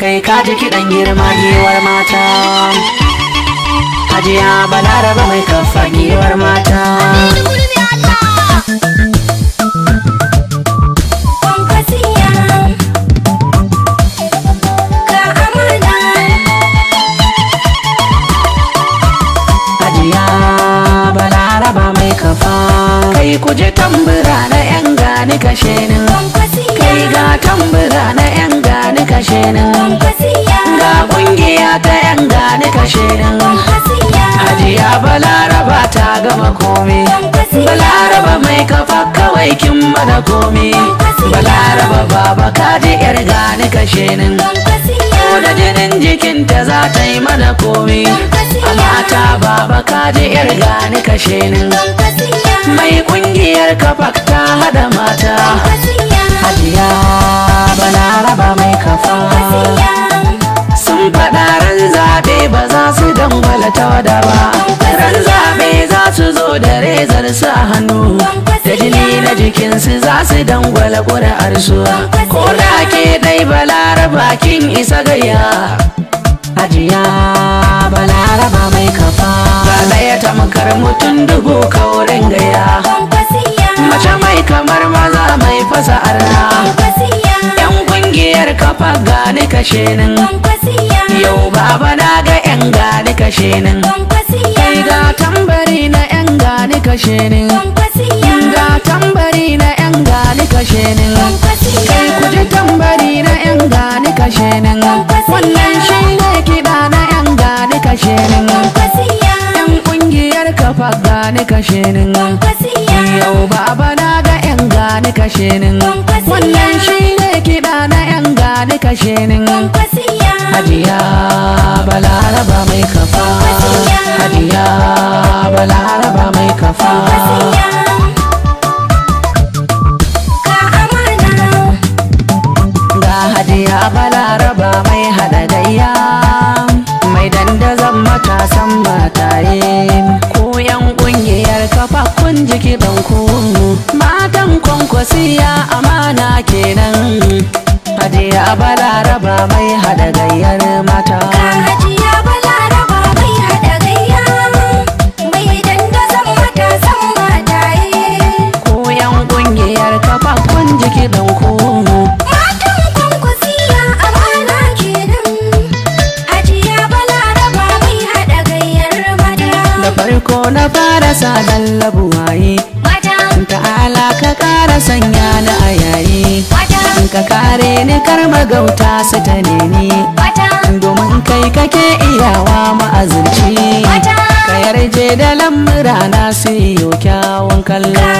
kai ka ji kiɗan girma giwar mata hajiya balaraba mai kafa giwar mata Kai kuje tambura na 'yan gani kashe ni, kai ga tambura na 'yan kashe nan ga kungiya ta yan gani kashe nan hajiya balaraba ta gama komi balaraba mai kafa kawai kin mana komi balaraba baba ji yar gani kashe nan da jinin jikinta za ta yi mana komi mata baba ji yar gani kashe nan mai kungiyar kafak ta hada mata sun faɗa ran zaɓe ba za su dangwala tawada ba ran zaɓe za su zo da rezar a hannu da jini na jikinsu za su dangwala ƙuri'ar su ko da ke dai balaraba kin isa gaya. ajiya balaraba mai kafa ba ɗaya tamkar mutum dubu kaurin gaya mace mai kamar maza mai fasa arha baba gani kashe nan yau baba na ga yan gani kashe nan kai ga tambari na yan gani kashe nan ga tambari na yan gani kashe nan kai ku ji tambari na yan gani kashe nan wannan shi ne kiɗa na yan gani kashe nan yan ƙungiyar kafa gani kashe nan yau baba na gani kashinin wannan shi ne kiɗa na yan gani kashinin hajiya balaraba mai kafa hajiya balaraba mai kafa ki dauko matan kwankwasiya amana kenan hajiya balaraba mai haɗa gayyar mada da farko na fara sa labuwaye. waye ta'ala ka kara sanya ni a yayi ka kare ni kar gauta su ta nemi domin kai kake iyawa ma'azirci ka yarje da lamura na su yi kyawun kallon